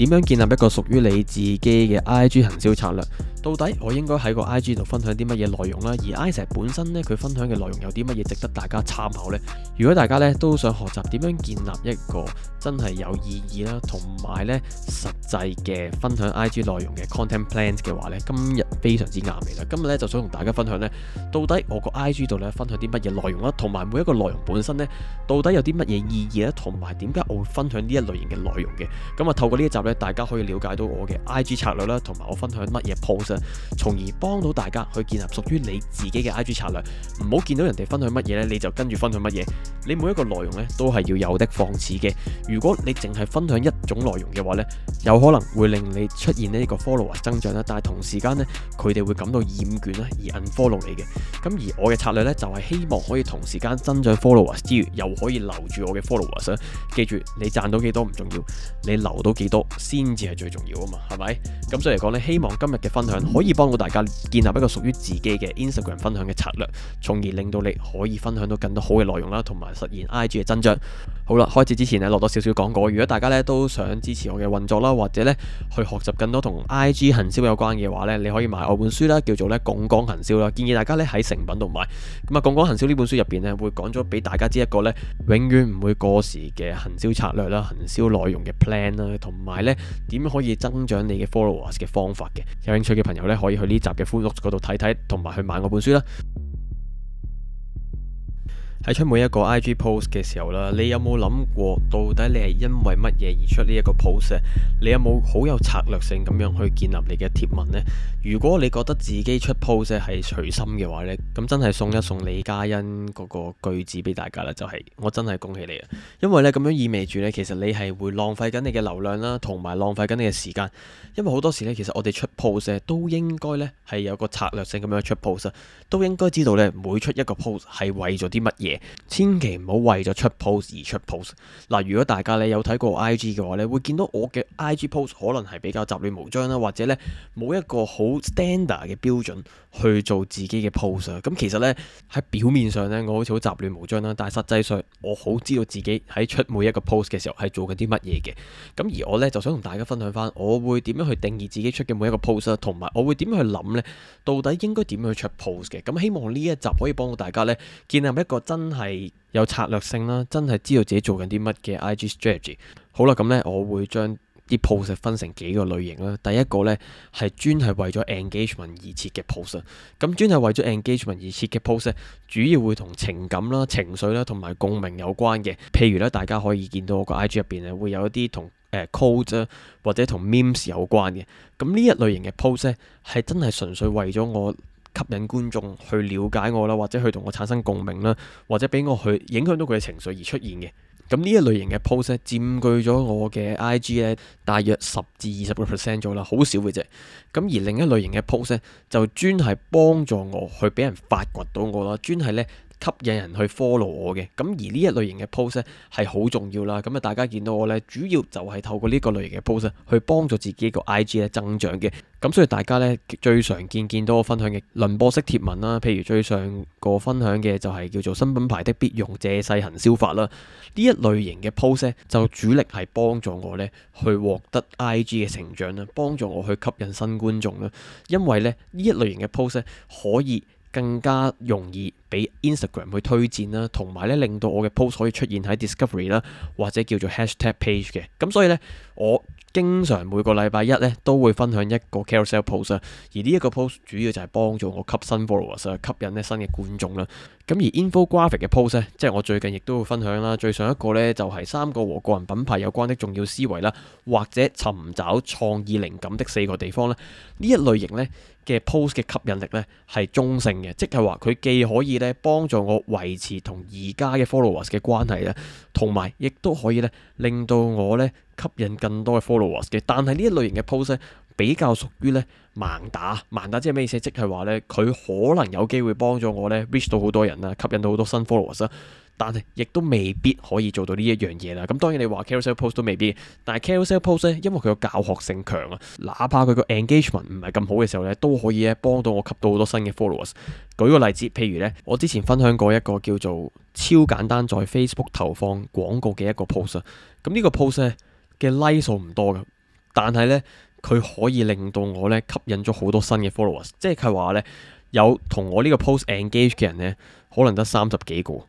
點樣建立一個屬於你自己嘅 IG 行銷策略？到底我應該喺個 IG 度分享啲乜嘢內容啦？而 Isa 本身咧，佢分享嘅內容有啲乜嘢值得大家參考呢？如果大家咧都想學習點樣建立一個真係有意義啦，同埋咧實際嘅分享 IG 內容嘅 content plans 嘅話咧，今日非常之啱嚟啦！今日咧就想同大家分享咧，到底我個 IG 度咧分享啲乜嘢內容啦，同埋每一個內容本身咧，到底有啲乜嘢意義咧，同埋點解我會分享呢一類型嘅內容嘅？咁啊，透過呢一集咧，大家可以了解到我嘅 IG 策略啦，同埋我分享乜嘢 post 從而幫到大家去建立屬於你自己嘅 IG 策略，唔好見到人哋分享乜嘢呢，你就跟住分享乜嘢。你每一個內容呢，都係要有的放矢嘅。如果你淨係分享一種內容嘅話呢，有可能會令你出現呢一個 followers 增長啦。但係同時間呢，佢哋會感到厭倦啦，而 unfollow 你嘅。咁而我嘅策略呢，就係希望可以同時間增長 followers 之餘，又可以留住我嘅 followers。記住，你賺到幾多唔重要，你留到幾多先至係最重要啊嘛，係咪？咁所以嚟講呢，希望今日嘅分享。可以幫到大家建立一個屬於自己嘅 Instagram 分享嘅策略，從而令到你可以分享到更多好嘅內容啦，同埋實現 IG 嘅增長。好啦，開始之前咧，落多少少講過。如果大家咧都想支持我嘅運作啦，或者咧去學習更多同 IG 行銷有關嘅話咧，你可以買我本書啦，叫做咧《槓桿行銷》啦。建議大家咧喺成品度買。咁啊，槓槓《槓桿行銷》呢本書入邊咧會講咗俾大家知一個咧永遠唔會過時嘅行銷策略啦、行銷內容嘅 plan 啦，同埋咧點可以增長你嘅 followers 嘅方法嘅。有興趣嘅。朋友咧可以去呢集嘅 Facebook 嗰度睇睇，同埋去買我本書啦。喺出每一個 IG post 嘅時候啦，你有冇諗過到底你係因為乜嘢而出呢一個 post？你有冇好有，有策略性咁樣去建立你嘅貼文呢？如果你覺得自己出 post 係隨心嘅話呢，咁真係送一送李嘉欣嗰個句子俾大家啦，就係、係、我真係恭喜你啊！因為呢，咁樣意味住呢，其實你係會浪費緊你嘅流量啦，同埋浪費緊你嘅時間。因為好多時呢，其實我哋出，出 post 都應該呢，係有個策略性咁樣出 post，都應該知道呢，每出一個 post 係為咗啲乜嘢。千祈唔好為咗出 post 而出 post。嗱、啊，如果大家你有睇過的 IG 嘅話咧，會見到我嘅 IG post 可能係比較雜亂無章啦，或者咧冇一個好 standard 嘅標準去做自己嘅 post。咁、啊、其實咧喺表面上咧，我好似好雜亂無章啦，但係實際上我好知道自己喺出每一個 post 嘅時候係做緊啲乜嘢嘅。咁、啊、而我咧就想同大家分享翻，我會點樣去定義自己出嘅每一個 post，同埋我會點樣去諗咧？到底應該點樣去出 post 嘅？咁、啊、希望呢一集可以幫到大家咧，建立一個真。真係有策略性啦，真係知道自己做緊啲乜嘅 IG strategy。好啦，咁呢，我會將啲 post 分成幾個類型啦。第一個呢，係專係為咗 engagement 而設嘅 post。咁專係為咗 engagement 而設嘅 post，主要會同情感啦、情緒啦同埋共鳴有關嘅。譬如咧，大家可以見到我個 IG 入邊啊，會有一啲同誒 code 啊或者同 memes 有關嘅。咁呢一類型嘅 post 係真係純粹為咗我。吸引觀眾去了解我啦，或者去同我產生共鳴啦，或者俾我去影響到佢嘅情緒而出現嘅。咁呢一類型嘅 post 咧，佔據咗我嘅 IG 咧大約十至二十個 percent 咗啦，好少嘅啫。咁而另一類型嘅 post 咧，就專係幫助我去俾人發掘到我啦，專係咧。吸引人去 follow 我嘅，咁而呢一類型嘅 post 咧係好重要啦。咁啊，大家見到我咧，主要就係透過呢個類型嘅 post 去幫助自己個 IG 咧增長嘅。咁所以大家咧最常見見到我分享嘅輪播式貼文啦，譬如最上個分享嘅就係叫做新品牌的必用借勢行銷法啦。呢一類型嘅 post 就主力係幫助我咧去獲得 IG 嘅成長啦，幫助我去吸引新觀眾啦。因為咧呢一類型嘅 post 咧可以。更加容易俾 Instagram 去推薦啦，同埋咧令到我嘅 post 可以出現喺 Discovery 啦，或者叫做 Hashtag Page 嘅。咁所以咧，我經常每個禮拜一咧都會分享一個 Carousel Post 啦，而呢一個 post 主要就係幫助我吸新 followers 啊，吸引咧新嘅觀眾啦。咁而 infographic 嘅 post 咧，即係我最近亦都會分享啦。最上一個呢，就係三個和個人品牌有關的重要思維啦，或者尋找創意靈感的四個地方啦。呢一類型呢嘅 post 嘅吸引力呢，係中性嘅，即係話佢既可以呢幫助我維持同而家嘅 followers 嘅關係啊，同埋亦都可以呢令到我呢吸引更多嘅 followers 嘅。但係呢一類型嘅 post 咧。比較屬於咧盲打，盲打即係咩意思？即係話咧，佢可能有機會幫咗我咧 reach 到好多人啊，吸引到好多新 followers，啊，但係亦都未必可以做到呢一樣嘢啦。咁當然你話 carousel post 都未必，但係 carousel post 咧，因為佢個教學性強啊，哪怕佢個 engagement 唔係咁好嘅時候咧，都可以咧幫到我吸到好多新嘅 followers。舉個例子，譬如咧，我之前分享過一個叫做超簡單在 Facebook 投放廣告嘅一個 post 啊，咁呢個 post 嘅 like 數唔多㗎，但係咧。佢可以令到我咧吸引咗好多新嘅 followers，即係佢話咧有同我呢個 post engage 嘅人咧，可能得三十幾個。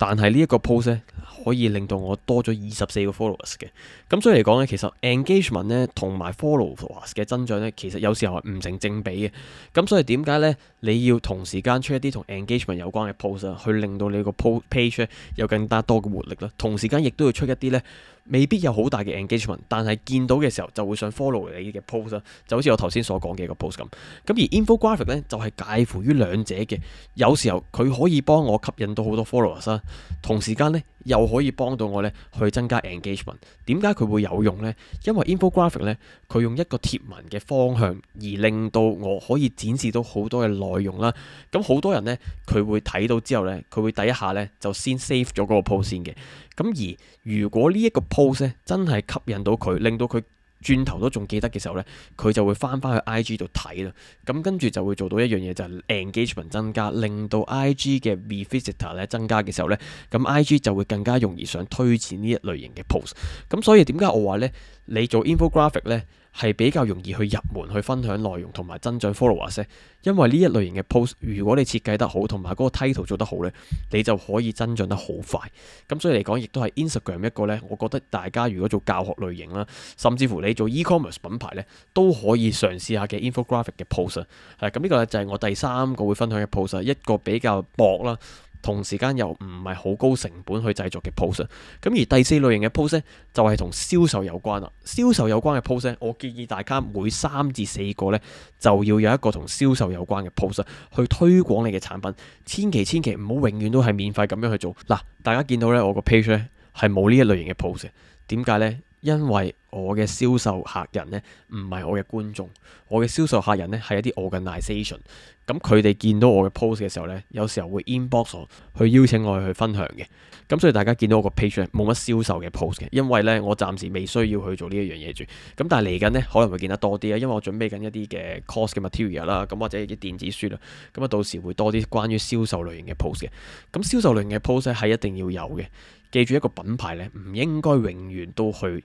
但係呢一個 post 咧，可以令到我多咗二十四個 followers 嘅。咁所以嚟講咧，其實 engagement 咧同埋 followers 嘅增長咧，其實有時候係唔成正比嘅。咁所以點解咧，你要同時間出一啲同 engagement 有關嘅 post 去令到你個 page 咧有更加多嘅活力咯。同時間亦都要出一啲咧，未必有好大嘅 engagement，但係見到嘅時候就會想 follow 你嘅 post。就好似我頭先所講嘅一個 post 咁。咁而 infographic 咧就係介乎於兩者嘅，有時候佢可以幫我吸引到好多 followers。同時間咧又可以幫到我咧去增加 engagement。點解佢會有用呢？因為 infographic 咧佢用一個貼文嘅方向而令到我可以展示到好多嘅內容啦。咁、嗯、好多人咧佢會睇到之後咧佢會第一下咧就先 save 咗嗰個 post 先嘅。咁、嗯、而如果呢一個 post 咧真係吸引到佢，令到佢。轉頭都仲記得嘅時候呢，佢就會翻翻去 IG 度睇啦。咁跟住就會做到一樣嘢，就係 engagement 增加，令到 IG 嘅 revisitor 咧增加嘅時候呢，咁 IG 就會更加容易想推薦呢一類型嘅 post。咁所以點解我話呢，你做 infographic 呢？係比較容易去入門去分享內容同埋增長 followers，因為呢一類型嘅 post，如果你設計得好同埋嗰個 title 做得好咧，你就可以增長得好快。咁所以嚟講，亦都係 Instagram 一個呢。我覺得大家如果做教學類型啦，甚至乎你做 e-commerce 品牌呢，都可以嘗試下嘅 infographic 嘅 post 啊。咁、嗯、呢、呢個就係我第三個會分享嘅 post，一個比較薄啦。同時間又唔係好高成本去製作嘅 post，咁而第四類型嘅 post 就係同銷售有關啦。銷售有關嘅 post 我建議大家每三至四個呢，就要有一個同銷售有關嘅 post 去推廣你嘅產品。千祈千祈唔好永遠都係免費咁樣去做。嗱，大家見到呢，我個 page 呢係冇呢一類型嘅 post，點解呢？因為我嘅銷售客人呢，唔係我嘅觀眾。我嘅銷售客人呢，係一啲 organisation。咁佢哋見到我嘅 post 嘅時候呢，有時候會 inbox 去邀請我去去分享嘅。咁所以大家見到我個 page 咧，冇乜銷售嘅 post 嘅，因為呢，我暫時未需要去做呢一樣嘢住。咁但係嚟緊呢，可能會見得多啲啦，因為我準備緊一啲嘅 course 嘅 material 啦，咁或者啲電子書啦。咁啊到時會多啲關於銷售類型嘅 post 嘅。咁銷售類嘅 post 咧，係一定要有嘅。記住一個品牌呢，唔應該永遠都去。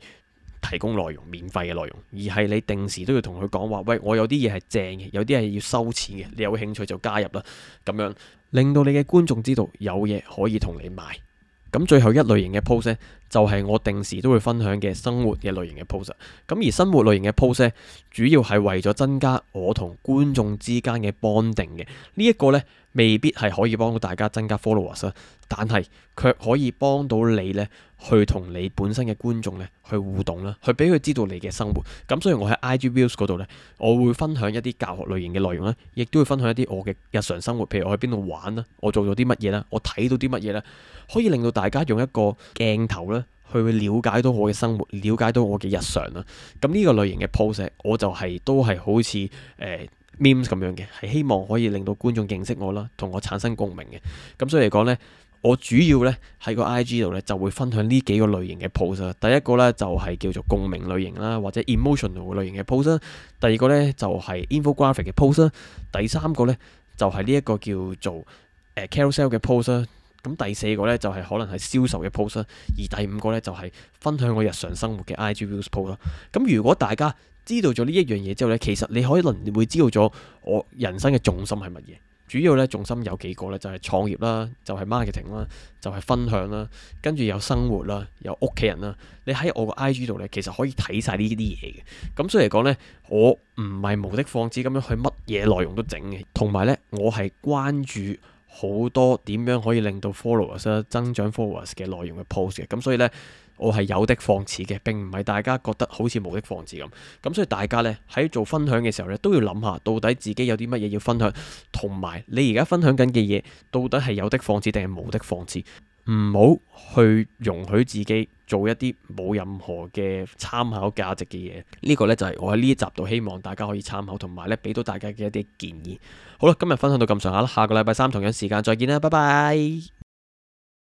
提供內容免費嘅內容，而係你定時都要同佢講話，喂，我有啲嘢係正嘅，有啲係要收錢嘅，你有興趣就加入啦，咁樣令到你嘅觀眾知道有嘢可以同你買。咁最後一類型嘅 post。就係我定時都會分享嘅生活嘅類型嘅 post，咁、啊、而生活類型嘅 post、啊、主要係為咗增加我同觀眾之間嘅 bonding 嘅，呢、這、一個呢，未必係可以幫到大家增加 followers、啊、但係卻可以幫到你呢，去同你本身嘅觀眾呢去互動啦、啊，去俾佢知道你嘅生活。咁所以我喺 IG Views 嗰度呢，我會分享一啲教學類型嘅內容啦、啊，亦都會分享一啲我嘅日常生活，譬如我去邊度玩啦、啊，我做咗啲乜嘢啦，我睇到啲乜嘢啦，可以令到大家用一個鏡頭啦、啊。去了解到我嘅生活，了解到我嘅日常啦。咁呢個類型嘅 post，我就係、是、都係好似誒 memes 咁樣嘅，係、呃、希望可以令到觀眾認識我啦，同我產生共鳴嘅。咁所以嚟講呢，我主要呢喺個 IG 度呢，就會分享呢幾個類型嘅 post 啦。第一個呢，就係、是、叫做共鳴類型啦，或者 emotional 類型嘅 post。第二個呢，就係、是、infographic 嘅 post。第三個呢，就係呢一個叫做誒、呃、carousel 嘅 post 啦。咁第四個呢，就係可能係銷售嘅 post，而第五個呢，就係分享我日常生活嘅 IG news post 咯。咁如果大家知道咗呢一樣嘢之後呢，其實你可能會知道咗我人生嘅重心係乜嘢。主要呢，重心有幾個呢，就係創業啦，就係 marketing 啦，就係分享啦，跟住有生活啦，有屋企人啦。你喺我個 IG 度呢，其實可以睇晒呢啲嘢嘅。咁所以嚟講呢，我唔係無的放矢咁樣去乜嘢內容都整嘅，同埋呢，我係關注好多點樣可以令到 followers 增長 followers 嘅內容嘅 post 嘅，咁所以呢，我係有的放矢嘅，並唔係大家覺得好似無的放矢咁。咁所以大家呢，喺做分享嘅時候呢，都要諗下，到底自己有啲乜嘢要分享，同埋你而家分享緊嘅嘢，到底係有的放矢定係無的放矢？唔好去容許自己做一啲冇任何嘅參考價值嘅嘢，呢個呢，就係我喺呢一集度希望大家可以參考，同埋呢俾到大家嘅一啲建議。好啦，今日分享到咁上下啦，下個禮拜三同樣時間再見啦，拜拜。